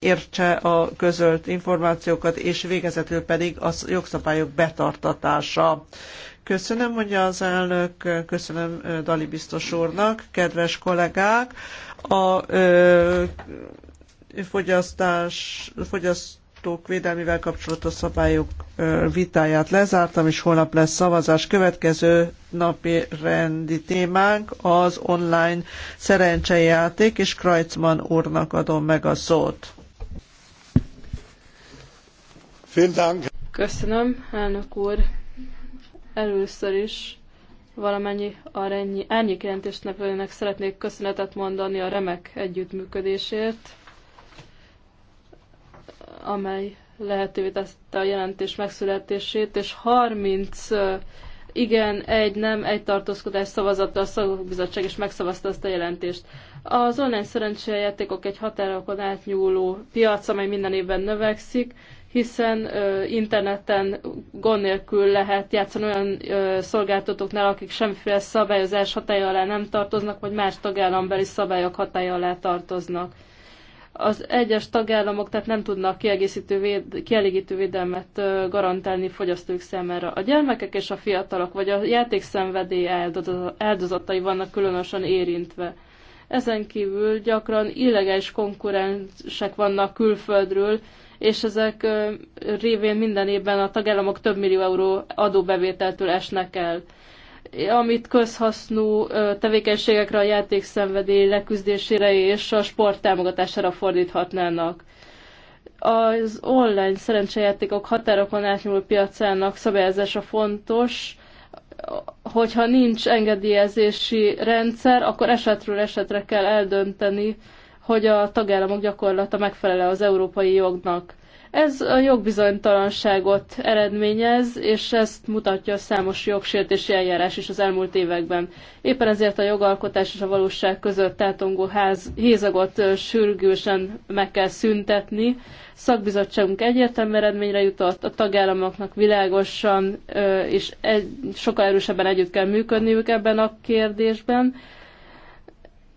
értse a közölt információkat, és végezetül pedig a jogszabályok betartatása. Köszönöm, mondja az elnök, köszönöm Dali biztos úrnak, kedves kollégák. A ö, fogyasztás, fogyasztók védelmével kapcsolatos szabályok ö, vitáját lezártam, és holnap lesz szavazás. Következő napi rendi témánk az online szerencsejáték, és Krajcman úrnak adom meg a szót. Köszönöm, elnök úr. Először is valamennyi árnyék jelentéstevőnek szeretnék köszönetet mondani a remek együttműködésért, amely lehetővé tette a jelentés megszületését, és 30 igen, egy nem, egy tartózkodás szavazattal a szakbizottság is megszavazta ezt a jelentést. Az online szerencséjátékok egy határokon átnyúló piac, amely minden évben növekszik, hiszen interneten gond nélkül lehet játszani olyan szolgáltatóknál, akik semmiféle szabályozás hatája alá nem tartoznak, vagy más tagállambeli szabályok hatája alá tartoznak. Az egyes tagállamok tehát nem tudnak kiegészítő véd, kielégítő védelmet garantálni fogyasztók számára. A gyermekek és a fiatalok, vagy a játékszenvedély áldozatai vannak különösen érintve. Ezen kívül gyakran illegális konkurensek vannak külföldről, és ezek révén minden évben a tagállamok több millió euró adóbevételtől esnek el amit közhasznú tevékenységekre, a játékszenvedély leküzdésére és a sport támogatására fordíthatnának. Az online szerencsejátékok határokon átnyúló piacának szabályozása fontos, hogyha nincs engedélyezési rendszer, akkor esetről esetre kell eldönteni, hogy a tagállamok gyakorlata megfelele az európai jognak. Ez a jogbizonytalanságot eredményez, és ezt mutatja a számos jogsértési eljárás is az elmúlt években. Éppen ezért a jogalkotás és a valóság között tátongó ház, hézagot sürgősen meg kell szüntetni. Szakbizottságunk egyértelmű eredményre jutott, a tagállamoknak világosan és egy, sokkal erősebben együtt kell működniük ebben a kérdésben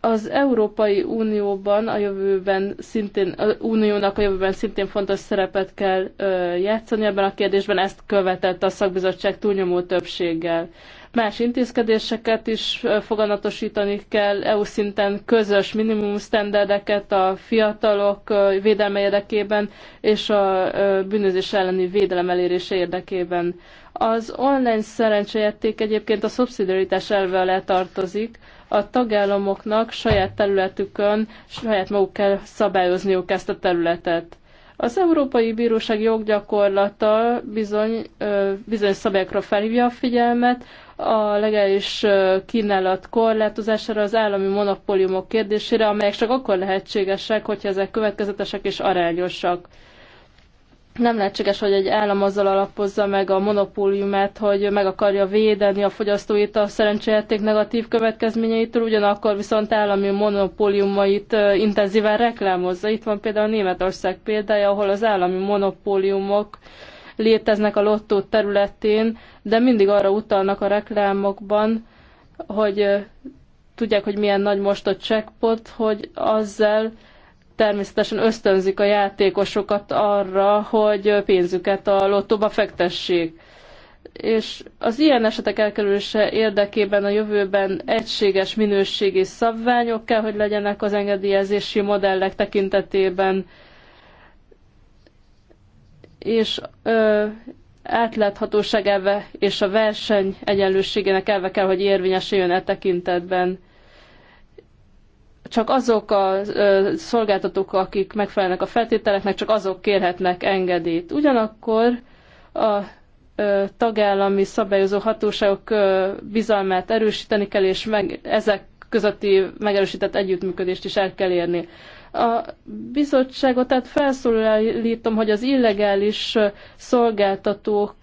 az Európai Unióban a jövőben szintén, a Uniónak a jövőben szintén fontos szerepet kell ö, játszani ebben a kérdésben, ezt követett a szakbizottság túlnyomó többséggel. Más intézkedéseket is foganatosítani kell, EU szinten közös minimum standardeket a fiatalok védelme érdekében és a bűnözés elleni védelem elérése érdekében. Az online szerencsejáték egyébként a szubszidiaritás elve alá tartozik, a tagállamoknak saját területükön, saját maguk kell szabályozniuk ezt a területet. Az Európai Bíróság joggyakorlata bizony, bizonyos szabályokra felhívja a figyelmet, a legális kínálat korlátozására, az állami monopóliumok kérdésére, amelyek csak akkor lehetségesek, hogyha ezek következetesek és arányosak nem lehetséges, hogy egy állam azzal alapozza meg a monopóliumát, hogy meg akarja védeni a fogyasztóit a szerencséjáték negatív következményeitől, ugyanakkor viszont állami monopóliumait intenzíven reklámozza. Itt van például Németország példája, ahol az állami monopóliumok léteznek a lottó területén, de mindig arra utalnak a reklámokban, hogy tudják, hogy milyen nagy most a checkpot, hogy azzal természetesen ösztönzik a játékosokat arra, hogy pénzüket a lottóba fektessék. És az ilyen esetek elkerülése érdekében a jövőben egységes minőségi szabványok kell, hogy legyenek az engedélyezési modellek tekintetében. És ö, átláthatóság elve és a verseny egyenlőségének elve kell, hogy érvényesüljön e tekintetben csak azok a szolgáltatók, akik megfelelnek a feltételeknek, csak azok kérhetnek engedélyt. Ugyanakkor a tagállami szabályozó hatóságok bizalmát erősíteni kell, és meg, ezek közötti megerősített együttműködést is el kell érni. A bizottságot tehát felszólítom, hogy az illegális szolgáltatók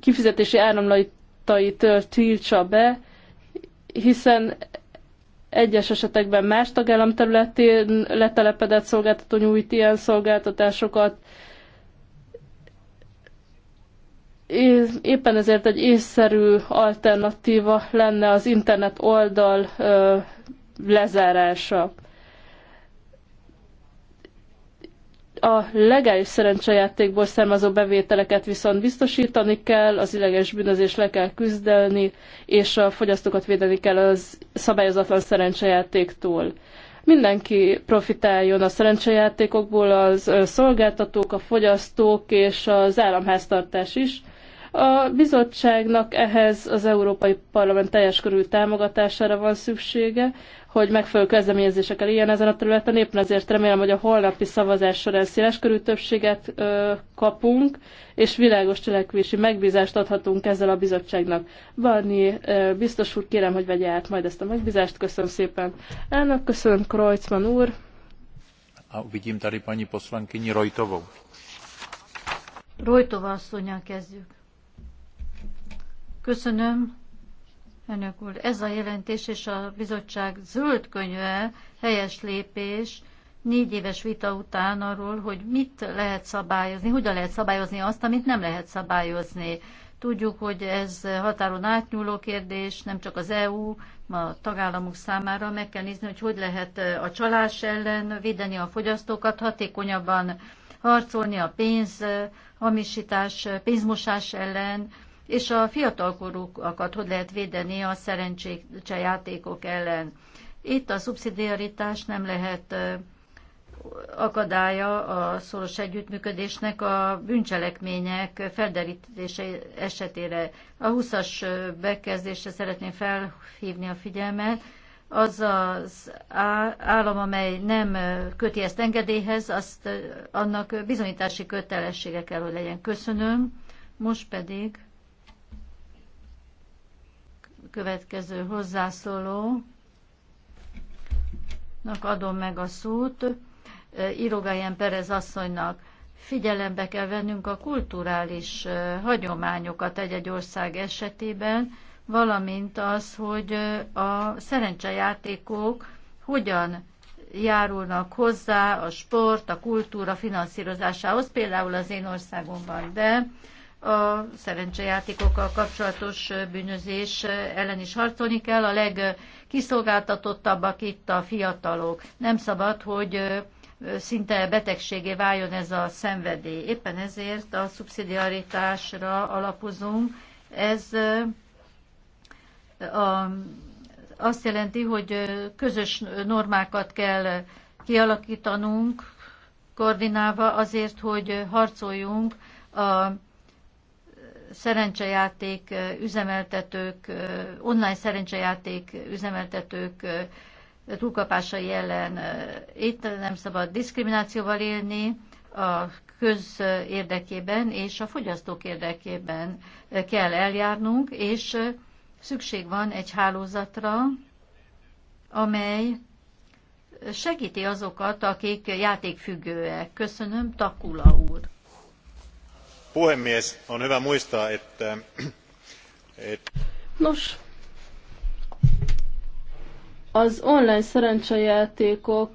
kifizetési áramlatait tiltsa be, hiszen egyes esetekben más tagállam területén letelepedett szolgáltató nyújt ilyen szolgáltatásokat. Éppen ezért egy észszerű alternatíva lenne az internet oldal lezárása. A legális szerencsejátékból származó bevételeket viszont biztosítani kell, az illegális bűnözés le kell küzdeni, és a fogyasztókat védeni kell az szabályozatlan szerencsejátéktól. Mindenki profitáljon a szerencsejátékokból, az szolgáltatók, a fogyasztók és az államháztartás is, a bizottságnak ehhez az Európai Parlament teljes körű támogatására van szüksége, hogy megfelelő kezdeményezésekkel ilyen ezen a területen. Éppen ezért remélem, hogy a holnapi szavazás során széles körű többséget ö, kapunk, és világos cselekvési megbízást adhatunk ezzel a bizottságnak. Barni, ö, biztos úr, kérem, hogy vegye át majd ezt a megbízást. Köszönöm szépen. Elnök, köszönöm, Krojcman úr. A vidím tady paní poslankyni Rojtovou. Rojtová asszonyán kezdjük. Köszönöm, Önök úr. Ez a jelentés és a bizottság zöld könyve helyes lépés négy éves vita után arról, hogy mit lehet szabályozni, hogyan lehet szabályozni azt, amit nem lehet szabályozni. Tudjuk, hogy ez határon átnyúló kérdés, nem csak az EU, a tagállamok számára meg kell nézni, hogy hogy lehet eh, a csalás ellen védeni a fogyasztókat, hatékonyabban harcolni a pénz eh, hamisítás, eh, pénzmosás ellen, és a fiatalkorúkat hogy lehet védeni a játékok ellen. Itt a szubszidiaritás nem lehet akadálya a szoros együttműködésnek a bűncselekmények felderítése esetére. A 20-as bekezdésre szeretném felhívni a figyelmet. Az az állam, amely nem köti ezt engedélyhez, azt, annak bizonyítási kötelessége kell, hogy legyen. Köszönöm. Most pedig következő hozzászólónak adom meg a szót, eh, Irogájen Perez asszonynak. Figyelembe kell vennünk a kulturális eh, hagyományokat egy-egy ország esetében, valamint az, hogy eh, a szerencsejátékok hogyan járulnak hozzá a sport, a kultúra finanszírozásához, például az én országomban. De a szerencsejátékokkal kapcsolatos bűnözés ellen is harcolni kell. A legkiszolgáltatottabbak itt a fiatalok. Nem szabad, hogy szinte betegségé váljon ez a szenvedély. Éppen ezért a szubszidiaritásra alapozunk. Ez a, azt jelenti, hogy közös normákat kell kialakítanunk, koordinálva azért, hogy harcoljunk a szerencsejáték üzemeltetők, online szerencsejáték üzemeltetők túlkapásai ellen. Itt nem szabad diszkriminációval élni, a köz érdekében és a fogyasztók érdekében kell eljárnunk, és szükség van egy hálózatra, amely segíti azokat, akik játékfüggőek. Köszönöm, Takula úr puhemies on hyvä muistaa että Nos, az online szerencsejátékok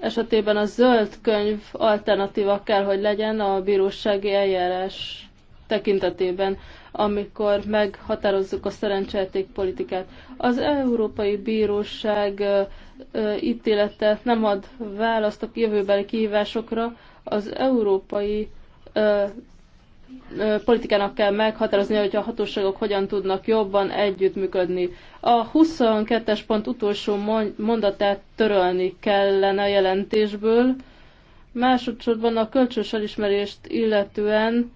esetében a zöld könyv alternatíva kell, hogy legyen a bírósági eljárás tekintetében, amikor meghatározzuk a szerencsejáték politikát. Az Európai Bíróság ítélete nem ad választ a jövőbeli kihívásokra, az Európai politikának kell meghatározni, hogy a hatóságok hogyan tudnak jobban együttműködni. A 22-es pont utolsó mondatát törölni kellene a jelentésből. Másodszorban a kölcsös elismerést illetően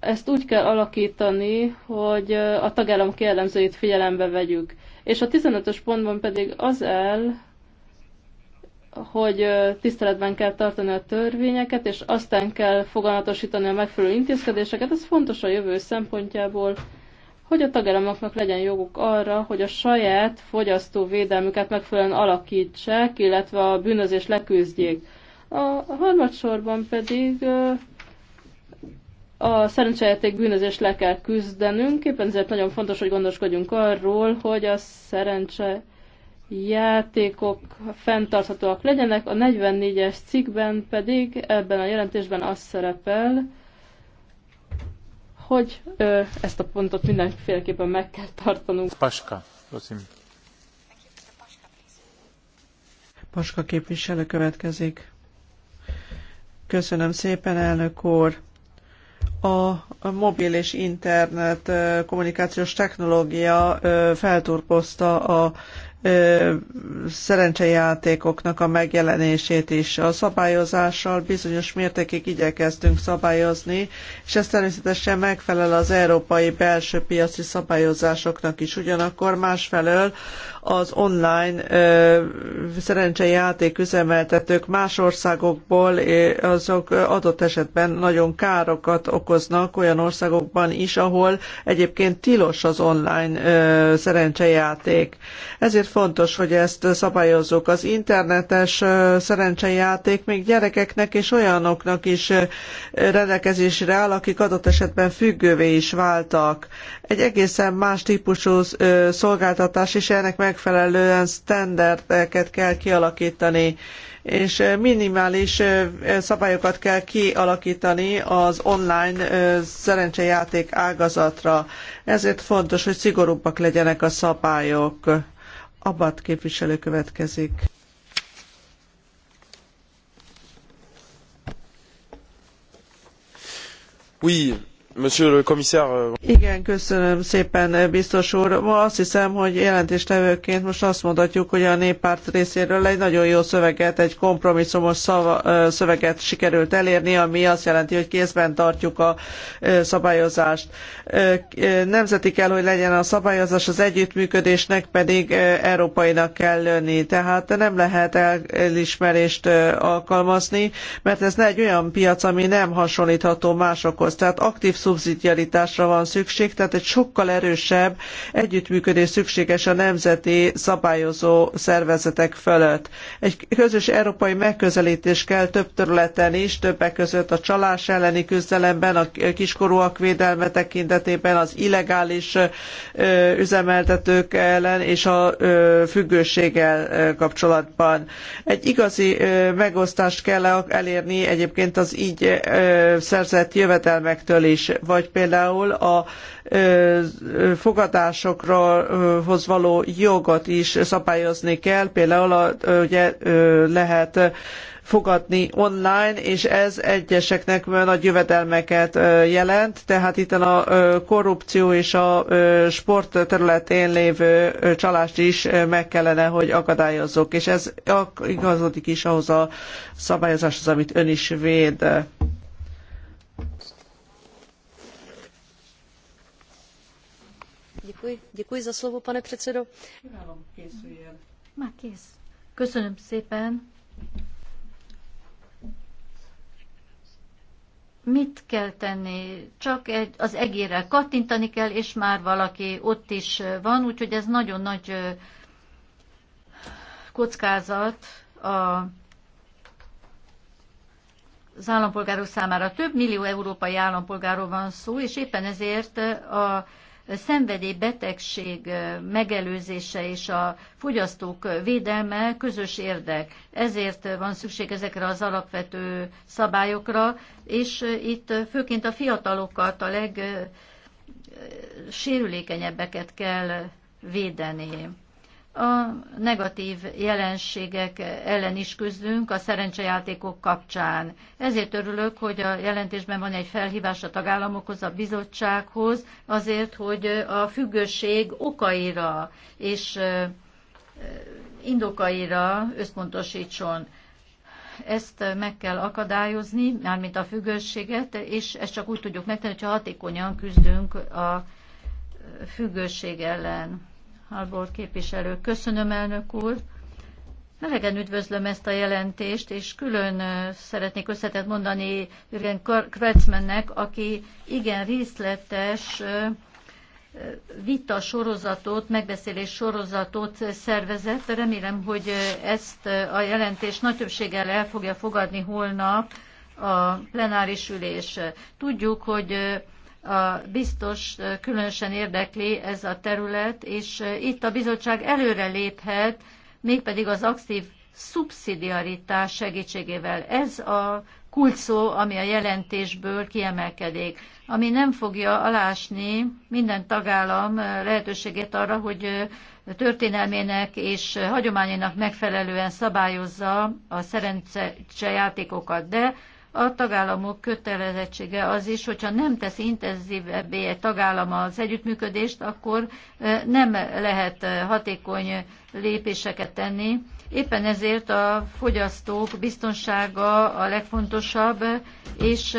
ezt úgy kell alakítani, hogy a tagállam kijellemzőit figyelembe vegyük. És a 15-ös pontban pedig az el, hogy tiszteletben kell tartani a törvényeket, és aztán kell foganatosítani a megfelelő intézkedéseket. Ez fontos a jövő szempontjából, hogy a tagállamoknak legyen joguk arra, hogy a saját fogyasztó védelmüket megfelelően alakítsák, illetve a bűnözés leküzdjék. A harmadsorban pedig a szerencsejáték bűnözést le kell küzdenünk, éppen ezért nagyon fontos, hogy gondoskodjunk arról, hogy a szerencse játékok fenntarthatóak legyenek. A 44-es cikkben pedig ebben a jelentésben az szerepel, hogy ö, ezt a pontot mindenféleképpen meg kell tartanunk. Paska, prosim. Paska képviselő következik. Köszönöm szépen, elnök úr. A mobil és internet kommunikációs technológia felturpozta a szerencsejátékoknak a megjelenését is. A szabályozással bizonyos mértékig igyekeztünk szabályozni, és ez természetesen megfelel az európai belső piaci szabályozásoknak is. Ugyanakkor másfelől az online ö, szerencsejáték üzemeltetők más országokból azok adott esetben nagyon károkat okoznak olyan országokban is, ahol egyébként tilos az online ö, szerencsejáték. Ezért fontos, hogy ezt szabályozzuk. Az internetes szerencsejáték még gyerekeknek és olyanoknak is rendelkezésre áll, akik adott esetben függővé is váltak. Egy egészen más típusú szolgáltatás, és ennek megfelelően standardeket kell kialakítani és minimális szabályokat kell kialakítani az online szerencsejáték ágazatra. Ezért fontos, hogy szigorúbbak legyenek a szabályok. Abbat képviselő következik. Oui, Euh, Igen, köszönöm szépen, eh, biztos úr. Ma azt hiszem, hogy jelentéstevőként most azt mondhatjuk, hogy a néppárt részéről egy nagyon jó szöveget, egy kompromisszumos szava, eh, szöveget sikerült elérni, ami azt jelenti, hogy kézben tartjuk a eh, szabályozást. Nemzeti kell, hogy legyen a szabályozás, az együttműködésnek pedig európainak kell lenni. Tehát nem lehet elismerést alkalmazni, mert ez ne egy olyan piac, ami nem hasonlítható másokhoz. Tehát aktív szubszidiaritásra van szükség, tehát egy sokkal erősebb együttműködés szükséges a nemzeti szabályozó szervezetek fölött. Egy közös európai megközelítés kell több területen is, többek között a csalás elleni küzdelemben, a kiskorúak védelme tekintetében, az illegális üzemeltetők ellen és a függőséggel kapcsolatban. Egy igazi megosztást kell elérni egyébként az így szerzett jövedelmektől is vagy például a fogadásokhoz való jogot is szabályozni kell, például a, ugye lehet fogadni online, és ez egyeseknek nagy jövedelmeket jelent, tehát itt a korrupció és a sport területén lévő csalást is meg kellene, hogy akadályozzuk, és ez igazodik is ahhoz a szabályozáshoz, amit ön is véd. Děkuji, za slovo, pane předsedo. Köszönöm szépen. Mit kell tenni? Csak egy, az egérrel kattintani kell, és már valaki ott is van, úgyhogy ez nagyon nagy kockázat a az állampolgárok számára több millió európai állampolgáról van szó, és éppen ezért a szenvedélybetegség megelőzése és a fogyasztók védelme közös érdek. Ezért van szükség ezekre az alapvető szabályokra, és itt főként a fiatalokat, a legsérülékenyebbeket kell védeni a negatív jelenségek ellen is küzdünk a szerencsejátékok kapcsán. Ezért örülök, hogy a jelentésben van egy felhívás a tagállamokhoz, a bizottsághoz, azért, hogy a függőség okaira és indokaira összpontosítson. Ezt meg kell akadályozni, mármint a függőséget, és ezt csak úgy tudjuk megtenni, hogyha hatékonyan küzdünk a függőség ellen. Halbor képviselő. Köszönöm, elnök úr. Melegen üdvözlöm ezt a jelentést, és külön szeretnék összetett mondani Jürgen Kretzmannnek, aki igen részletes vita sorozatot, megbeszélés sorozatot szervezett. Remélem, hogy ezt a jelentést nagy többséggel el fogja fogadni holnap a plenáris ülés. Tudjuk, hogy a biztos különösen érdekli ez a terület, és itt a bizottság előre léphet, mégpedig az aktív szubszidiaritás segítségével. Ez a kulcsszó, ami a jelentésből kiemelkedik, ami nem fogja alásni minden tagállam lehetőségét arra, hogy történelmének és hagyományainak megfelelően szabályozza a szerencsejátékokat, de a tagállamok kötelezettsége az is, hogyha nem tesz intenzívebbé egy tagállam az együttműködést, akkor e, nem lehet e, hatékony e, lépéseket tenni. Éppen ezért a fogyasztók biztonsága a legfontosabb, és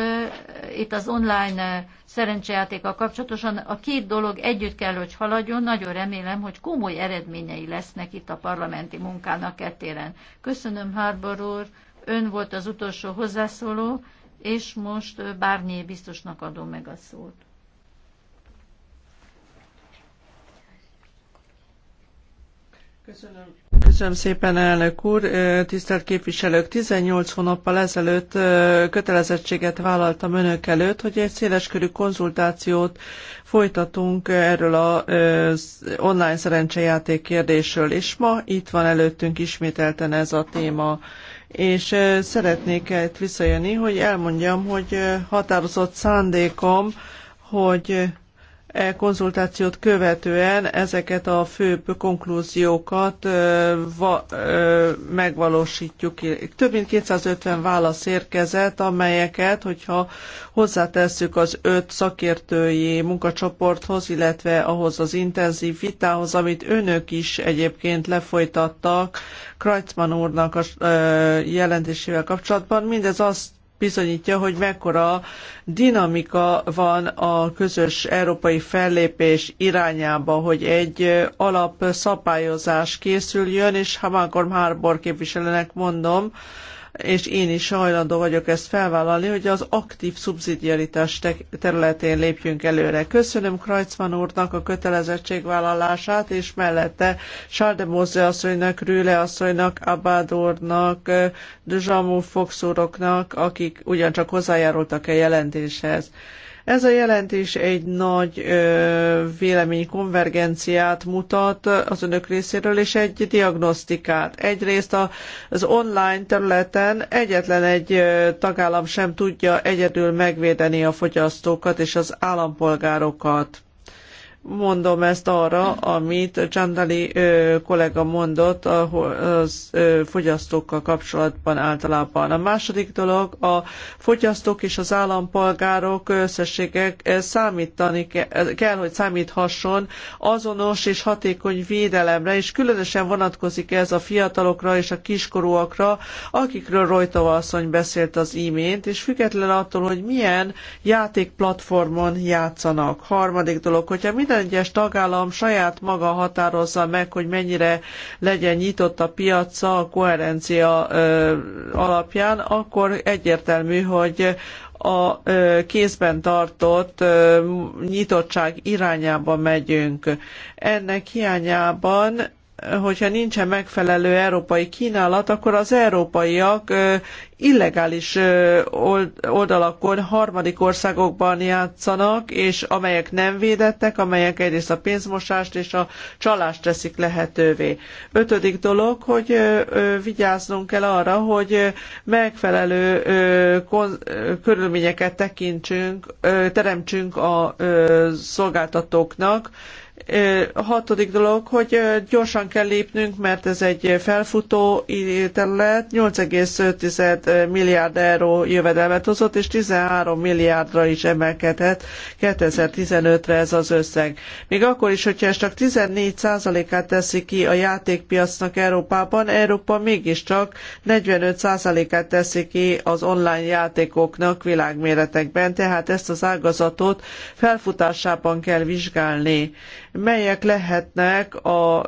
itt az online szerencsejátékkal kapcsolatosan a két dolog együtt kell, hogy haladjon. Nagyon remélem, hogy komoly eredményei lesznek itt a parlamenti munkának ettéren. Köszönöm, Harbor úr! Ön volt az utolsó hozzászóló, és most Bárnyé biztosnak adom meg a szót. Köszönöm. Köszönöm szépen, elnök úr. Tisztelt képviselők, 18 hónappal ezelőtt kötelezettséget vállaltam önök előtt, hogy egy széleskörű konzultációt folytatunk erről az online szerencsejáték kérdésről, és ma itt van előttünk ismételten ez a téma és szeretnék itt visszajönni, hogy elmondjam, hogy határozott szándékom, hogy E, konzultációt követően ezeket a főbb konklúziókat e, e, megvalósítjuk. Több mint 250 válasz érkezett, amelyeket, hogyha hozzátesszük az öt szakértői munkacsoporthoz, illetve ahhoz az intenzív vitához, amit önök is egyébként lefolytattak Kreutzmann úrnak a jelentésével kapcsolatban, mindez azt bizonyítja, hogy mekkora dinamika van a közös európai fellépés irányába, hogy egy alapszabályozás készüljön, és Hamankorm Harbor képviselőnek mondom, és én is hajlandó vagyok ezt felvállalni, hogy az aktív szubszidiaritás területén lépjünk előre. Köszönöm Krajcman úrnak a kötelezettségvállalását, és mellette Sáldemóze asszonynak, Rüle asszonynak, Abád úrnak, Dzsamú Fox úroknak, akik ugyancsak hozzájárultak a jelentéshez. Ez a jelentés egy nagy véleménykonvergenciát mutat az önök részéről, és egy diagnosztikát. Egyrészt az online területen egyetlen egy tagállam sem tudja egyedül megvédeni a fogyasztókat és az állampolgárokat Mondom ezt arra, amit Csandali kollega mondott a fogyasztókkal kapcsolatban általában. A második dolog, a fogyasztók és az állampolgárok összességek számítani kell, hogy számíthasson azonos és hatékony védelemre, és különösen vonatkozik ez a fiatalokra és a kiskorúakra, akikről Rojtova asszony beszélt az imént, és független attól, hogy milyen játékplatformon játszanak. Harmadik dolog, hogyha minden minden egyes tagállam saját maga határozza meg, hogy mennyire legyen nyitott a piaca a koherencia alapján, akkor egyértelmű, hogy a kézben tartott nyitottság irányába megyünk. Ennek hiányában hogyha nincsen megfelelő európai kínálat, akkor az európaiak illegális oldalakon, harmadik országokban játszanak, és amelyek nem védettek, amelyek egyrészt a pénzmosást és a csalást teszik lehetővé. Ötödik dolog, hogy vigyáznunk kell arra, hogy megfelelő körülményeket tekintsünk, teremtsünk a szolgáltatóknak, a hatodik dolog, hogy gyorsan kell lépnünk, mert ez egy felfutó terület, 8,5 milliárd euró jövedelmet hozott, és 13 milliárdra is emelkedhet 2015-re ez az összeg. Még akkor is, hogyha ez csak 14%-át teszi ki a játékpiacnak Európában, Európa mégiscsak 45%-át teszi ki az online játékoknak világméretekben, tehát ezt az ágazatot felfutásában kell vizsgálni melyek lehetnek a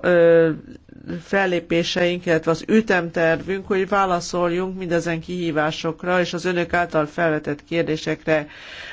fellépéseink, illetve az ütemtervünk, hogy válaszoljunk mindezen kihívásokra és az önök által felvetett kérdésekre.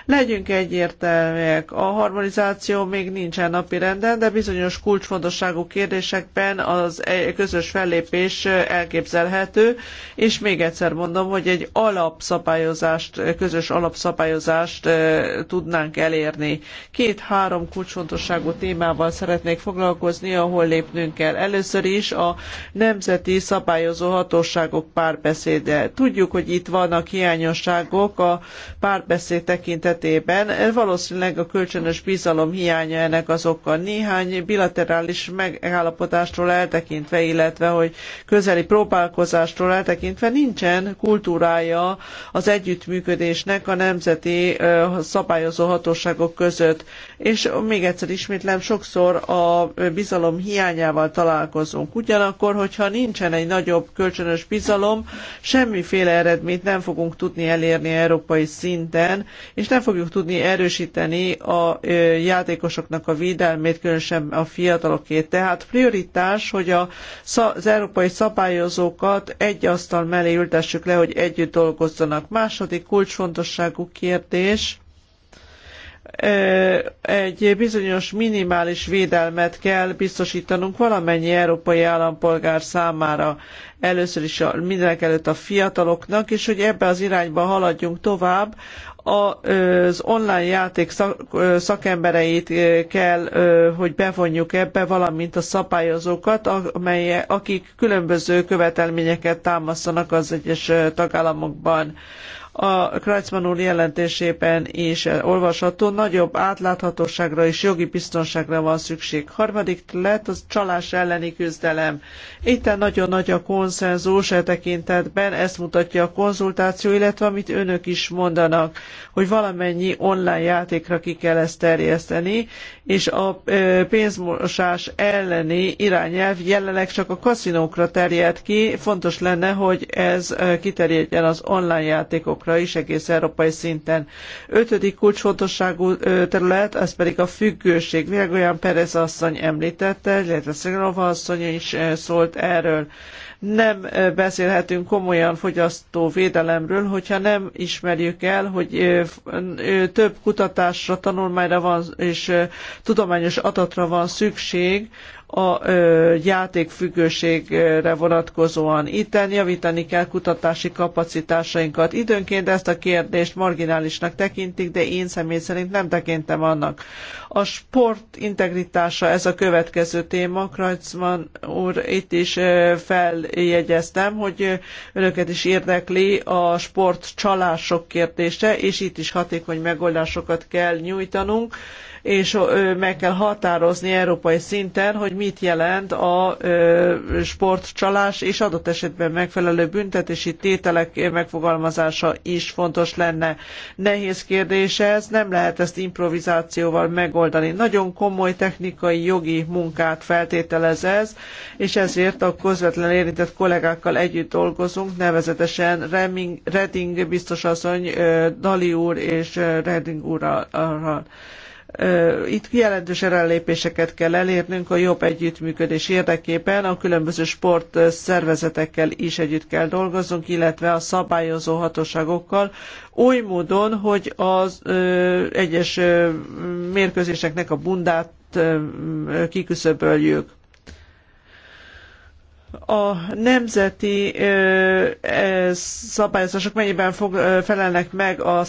Legyünk egyértelműek, a harmonizáció még nincsen napirenden, de bizonyos kulcsfontosságú kérdésekben az e- közös fellépés elképzelhető, és még egyszer mondom, hogy egy alapszabályozást, közös alapszabályozást e, tudnánk elérni. Két-három kulcsfontosságú témával szeretnék foglalkozni, ahol lépnünk kell. Először is a nemzeti szabályozó hatóságok párbeszéde. Tudjuk, hogy itt vannak hiányosságok a párbeszéd tekintetében. Valószínűleg a kölcsönös bizalom hiánya ennek az oka. Néhány bilaterális megállapodástól eltekintve, illetve hogy közeli próbálkozástól eltekintve nincsen kultúrája az együttműködésnek a nemzeti szabályozó hatóságok között. És még egyszer ismétlem, sokszor a bizalom hiányával találkozunk csinálunk. Ugyanakkor, hogyha nincsen egy nagyobb kölcsönös bizalom, semmiféle eredményt nem fogunk tudni elérni európai szinten, és nem fogjuk tudni erősíteni a játékosoknak a védelmét, különösen a fiatalokét. Tehát prioritás, hogy a, az európai szabályozókat egy asztal mellé ültessük le, hogy együtt dolgozzanak. Második kulcsfontosságú kérdés, egy bizonyos minimális védelmet kell biztosítanunk valamennyi európai állampolgár számára, először is a, mindenekelőtt a fiataloknak, és hogy ebbe az irányba haladjunk tovább, az online játék szakembereit kell, hogy bevonjuk ebbe, valamint a szabályozókat, amelye, akik különböző követelményeket támasztanak az egyes tagállamokban a Kreuzmann úr jelentésében is olvasható, nagyobb átláthatóságra és jogi biztonságra van szükség. Harmadik lett az csalás elleni küzdelem. Itt nagyon nagy a konszenzus e tekintetben, ezt mutatja a konzultáció, illetve amit önök is mondanak, hogy valamennyi online játékra ki kell ezt terjeszteni, és a e, pénzmosás elleni irányelv jelenleg csak a kaszinókra terjed ki, fontos lenne, hogy ez e, kiterjedjen az online játékokra országokra is egész európai szinten. Ötödik kulcsfontosságú terület, ez pedig a függőség. olyan Perez asszony említette, illetve Szegrova asszony is szólt erről. Nem beszélhetünk komolyan fogyasztóvédelemről, hogyha nem ismerjük el, hogy több kutatásra, tanulmányra van és tudományos adatra van szükség, a játékfüggőségre vonatkozóan. Itten javítani kell kutatási kapacitásainkat. Időnként ezt a kérdést marginálisnak tekintik, de én személy szerint nem tekintem annak. A sport integritása ez a következő téma. Krajcman úr, itt is feljegyeztem, hogy önöket is érdekli a sport csalások kérdése, és itt is hatékony megoldásokat kell nyújtanunk és meg kell határozni európai szinten, hogy mit jelent a sportcsalás, és adott esetben megfelelő büntetési tételek megfogalmazása is fontos lenne. Nehéz kérdés ez, nem lehet ezt improvizációval megoldani. Nagyon komoly technikai, jogi munkát feltételez ez, és ezért a közvetlen érintett kollégákkal együtt dolgozunk, nevezetesen Reding biztos asszony, Dali úr és Reding úrral. Itt jelentős előlépéseket kell elérnünk a jobb együttműködés érdekében, a különböző sportszervezetekkel is együtt kell dolgoznunk, illetve a szabályozó hatóságokkal, oly módon, hogy az egyes mérkőzéseknek a bundát kiküszöböljük a nemzeti szabályozások mennyiben fog, felelnek meg a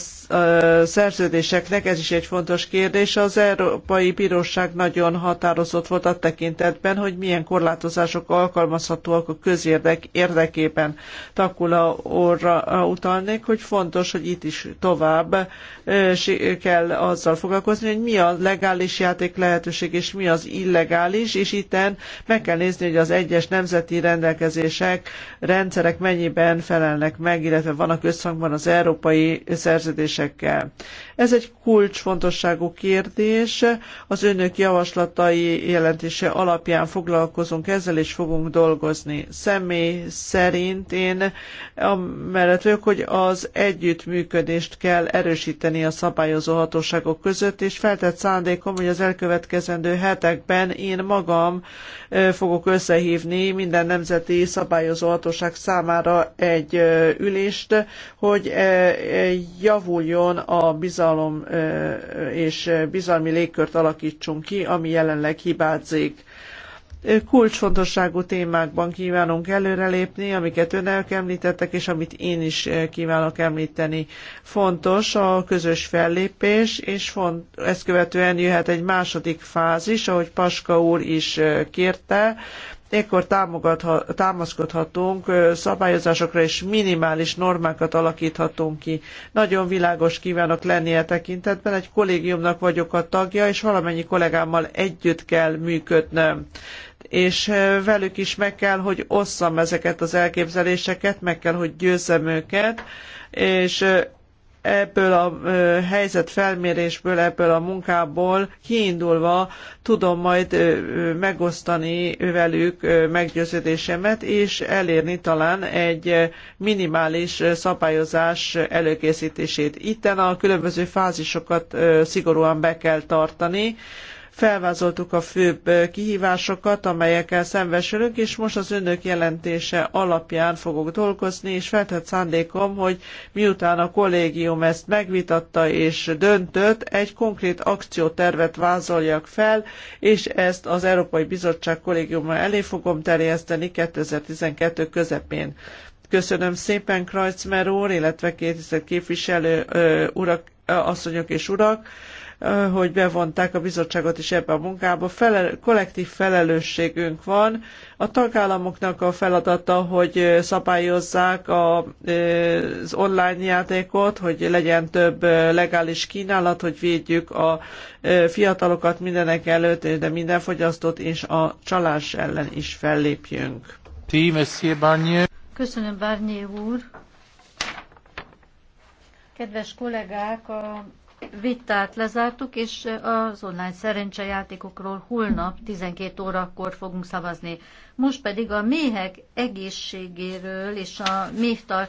szerződéseknek, ez is egy fontos kérdés. Az Európai Bíróság nagyon határozott volt a tekintetben, hogy milyen korlátozások alkalmazhatóak a közérdek érdekében. Takula orra utalnék, hogy fontos, hogy itt is tovább kell azzal foglalkozni, hogy mi a legális játék lehetőség, és mi az illegális, és itten meg kell nézni, hogy az egyes nemzeti nemzeti rendelkezések, rendszerek mennyiben felelnek meg, illetve vannak összhangban az európai szerződésekkel. Ez egy kulcsfontosságú kérdés. Az önök javaslatai jelentése alapján foglalkozunk ezzel, és fogunk dolgozni. Személy szerint én amellett vagyok, hogy az együttműködést kell erősíteni a szabályozó hatóságok között, és feltett szándékom, hogy az elkövetkezendő hetekben én magam fogok összehívni minden minden nemzeti szabályozó hatóság számára egy ülést, hogy javuljon a bizalom és bizalmi légkört alakítsunk ki, ami jelenleg hibázik kulcsfontosságú témákban kívánunk előrelépni, amiket önök említettek, és amit én is kívánok említeni. Fontos a közös fellépés, és font, ezt követően jöhet egy második fázis, ahogy Paska úr is kérte, ekkor támaszkodhatunk szabályozásokra, és minimális normákat alakíthatunk ki. Nagyon világos kívánok lenni a e tekintetben, egy kollégiumnak vagyok a tagja, és valamennyi kollégámmal együtt kell működnöm és velük is meg kell, hogy osszam ezeket az elképzeléseket, meg kell, hogy győzzem őket, és ebből a helyzetfelmérésből, ebből a munkából kiindulva tudom majd megosztani velük meggyőződésemet, és elérni talán egy minimális szabályozás előkészítését. Itten a különböző fázisokat szigorúan be kell tartani, Felvázoltuk a főbb kihívásokat, amelyekkel szembesülünk, és most az önök jelentése alapján fogok dolgozni, és feltett szándékom, hogy miután a kollégium ezt megvitatta és döntött, egy konkrét akciótervet vázoljak fel, és ezt az Európai Bizottság kollégiuma elé fogom terjeszteni 2012 közepén. Köszönöm szépen Krajcmer úr, illetve két képviselő ö, urak, asszonyok és urak hogy bevonták a bizottságot is ebbe a munkába. Fele, kollektív felelősségünk van. A tagállamoknak a feladata, hogy szabályozzák a, az online játékot, hogy legyen több legális kínálat, hogy védjük a fiatalokat mindenek előtt, de minden fogyasztót és a csalás ellen is fellépjünk. Köszönöm, Barnier úr! Kedves kollégák, a vitát lezártuk, és az online szerencsejátékokról holnap 12 órakor fogunk szavazni. Most pedig a méhek egészségéről és a méhtartásról